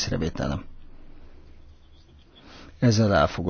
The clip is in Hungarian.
észrevételem. Ezzel elfogott.